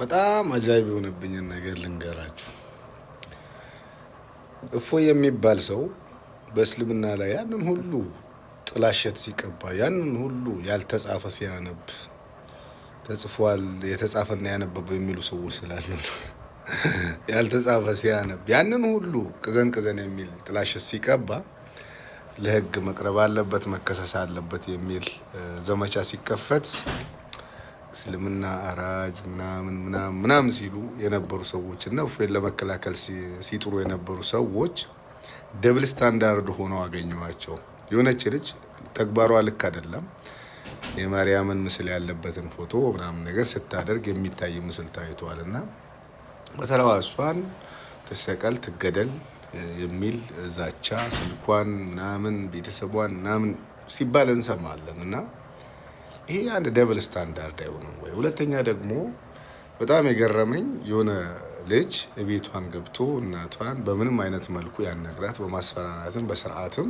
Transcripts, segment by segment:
በጣም አጃቢ የሆነብኝን ነገር ልንገራችሁ። እፎ የሚባል ሰው በእስልምና ላይ ያንን ሁሉ ጥላሸት ሲቀባ ያንን ሁሉ ያልተጻፈ ሲያነብ ተጽፏል የተጻፈና ያነበበው የሚሉ ሰዎች ስላሉ ያልተጻፈ ሲያነብ ያንን ሁሉ ቅዘን ቅዘን የሚል ጥላሸት ሲቀባ ለህግ መቅረብ አለበት፣ መከሰስ አለበት የሚል ዘመቻ ሲከፈት እስልምና አራጅ ምናምን ምናምን ምናምን ሲሉ የነበሩ ሰዎች እና እፎይን ለመከላከል ሲጥሩ የነበሩ ሰዎች ደብል ስታንዳርድ ሆነው አገኘዋቸው። የሆነች ልጅ ተግባሯ ልክ አይደለም። የማርያምን ምስል ያለበትን ፎቶ ምናምን ነገር ስታደርግ የሚታይ ምስል ታይቷል እና በተለዋ እሷን ትሰቀል ትገደል የሚል ዛቻ ስልኳን ምናምን ቤተሰቧን ምናምን ሲባል እንሰማለን እና ይሄ አንድ ደብል ስታንዳርድ አይሆንም ወይ? ሁለተኛ ደግሞ በጣም የገረመኝ የሆነ ልጅ ቤቷን ገብቶ እናቷን በምንም አይነት መልኩ ያነግራት በማስፈራራትም በስርዓትም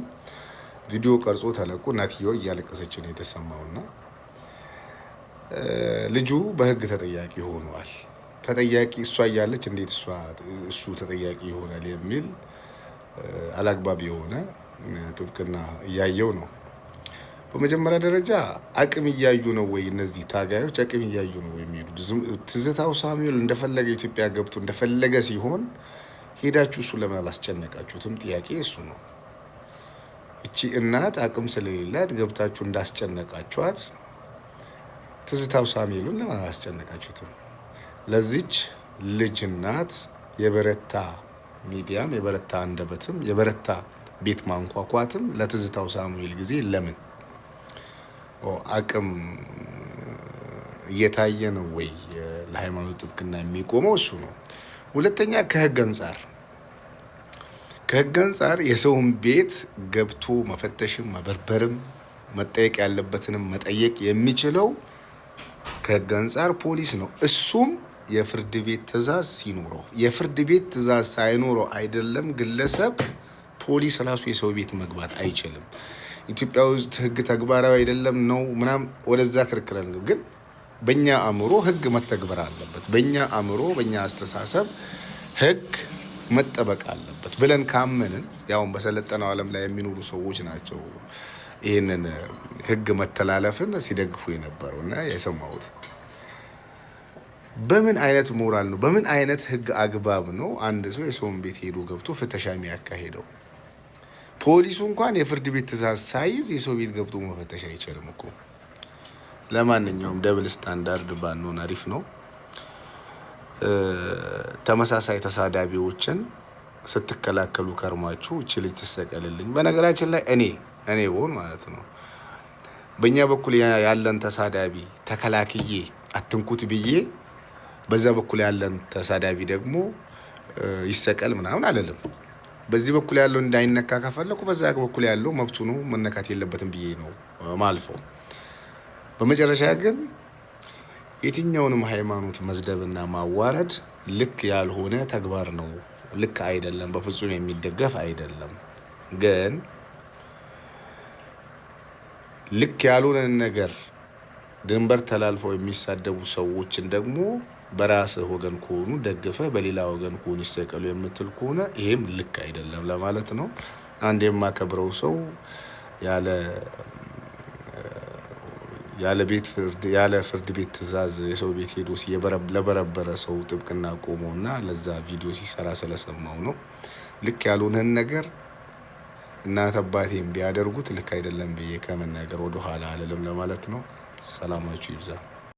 ቪዲዮ ቀርጾ ተለቆ እናትየው እያለቀሰች ነው የተሰማውና ልጁ በህግ ተጠያቂ ሆኗል። ተጠያቂ እሷ እያለች እንዴት እሱ ተጠያቂ ይሆናል የሚል አላግባብ የሆነ ጥብቅና እያየው ነው። በመጀመሪያ ደረጃ አቅም እያዩ ነው ወይ? እነዚህ ታጋዮች አቅም እያዩ ነው ወይ የሚሄዱት? ትዝታው ሳሙኤል እንደፈለገ ኢትዮጵያ ገብቶ እንደፈለገ ሲሆን ሄዳችሁ እሱ ለምን አላስጨነቃችሁትም? ጥያቄ እሱ ነው። እቺ እናት አቅም ስለሌላት ገብታችሁ እንዳስጨነቃችኋት ትዝታው ሳሙኤልን ለምን አላስጨነቃችሁትም? ለዚች ልጅ እናት የበረታ ሚዲያም የበረታ አንደበትም የበረታ ቤት ማንኳኳትም ለትዝታው ሳሙኤል ጊዜ ለምን አቅም እየታየ ነው ወይ ለሃይማኖት ጥብቅና የሚቆመው? እሱ ነው። ሁለተኛ ከህግ አንጻር ከህግ አንጻር የሰውን ቤት ገብቶ መፈተሽም መበርበርም መጠየቅ ያለበትንም መጠየቅ የሚችለው ከህግ አንጻር ፖሊስ ነው። እሱም የፍርድ ቤት ትእዛዝ ሲኖረው፣ የፍርድ ቤት ትእዛዝ ሳይኖረው አይደለም ግለሰብ ፖሊስ ራሱ የሰው ቤት መግባት አይችልም። ኢትዮጵያ ውስጥ ህግ ተግባራዊ አይደለም ነው ምናም ወደዛ ክርክር ግን በእኛ አእምሮ ህግ መተግበር አለበት፣ በእኛ አእምሮ በእኛ አስተሳሰብ ህግ መጠበቅ አለበት ብለን ካመንን ያውም በሰለጠነው ዓለም ላይ የሚኖሩ ሰዎች ናቸው ይህንን ህግ መተላለፍን ሲደግፉ የነበረው እና የሰማሁት በምን አይነት ሞራል ነው? በምን አይነት ህግ አግባብ ነው አንድ ሰው የሰውን ቤት ሄዶ ገብቶ ፍተሻ የሚያካሄደው? ፖሊሱ እንኳን የፍርድ ቤት ትእዛዝ ሳይዝ የሰው ቤት ገብቶ መፈተሽ አይችልም እኮ። ለማንኛውም ደብል ስታንዳርድ ባንሆን አሪፍ ነው። ተመሳሳይ ተሳዳቢዎችን ስትከላከሉ ከርማችሁ እቺ ልጅ ትሰቀልልኝ። በነገራችን ላይ እኔ እኔ ብሆን ማለት ነው በእኛ በኩል ያለን ተሳዳቢ ተከላክዬ አትንኩት ብዬ በዛ በኩል ያለን ተሳዳቢ ደግሞ ይሰቀል ምናምን አለልም። በዚህ በኩል ያለው እንዳይነካ ከፈለኩ በዛ በኩል ያለው መብቱ ነው፣ መነካት የለበትም ብዬ ነው ማልፈው። በመጨረሻ ግን የትኛውንም ሃይማኖት መዝደብና ማዋረድ ልክ ያልሆነ ተግባር ነው። ልክ አይደለም፣ በፍጹም የሚደገፍ አይደለም። ግን ልክ ያልሆነን ነገር ድንበር ተላልፈው የሚሳደቡ ሰዎችን ደግሞ በራስህ ወገን ከሆኑ ደግፈ በሌላ ወገን ከሆኑ ይሰቀሉ የምትል ከሆነ ይሄም ልክ አይደለም ለማለት ነው። አንድ የማከብረው ሰው ያለ ያለ ቤት ፍርድ ያለ ፍርድ ቤት ትዕዛዝ የሰው ቤት ሄዶ ለበረበረ ሰው ጥብቅና ቆሞና ለዛ ቪዲዮ ሲሰራ ስለሰማው ነው። ልክ ያልሆነን ነገር እናት አባቴም ቢያደርጉት ልክ አይደለም ብዬ ከመናገር ወደኋላ አልልም ለማለት ነው። Selamünaleyküm bize.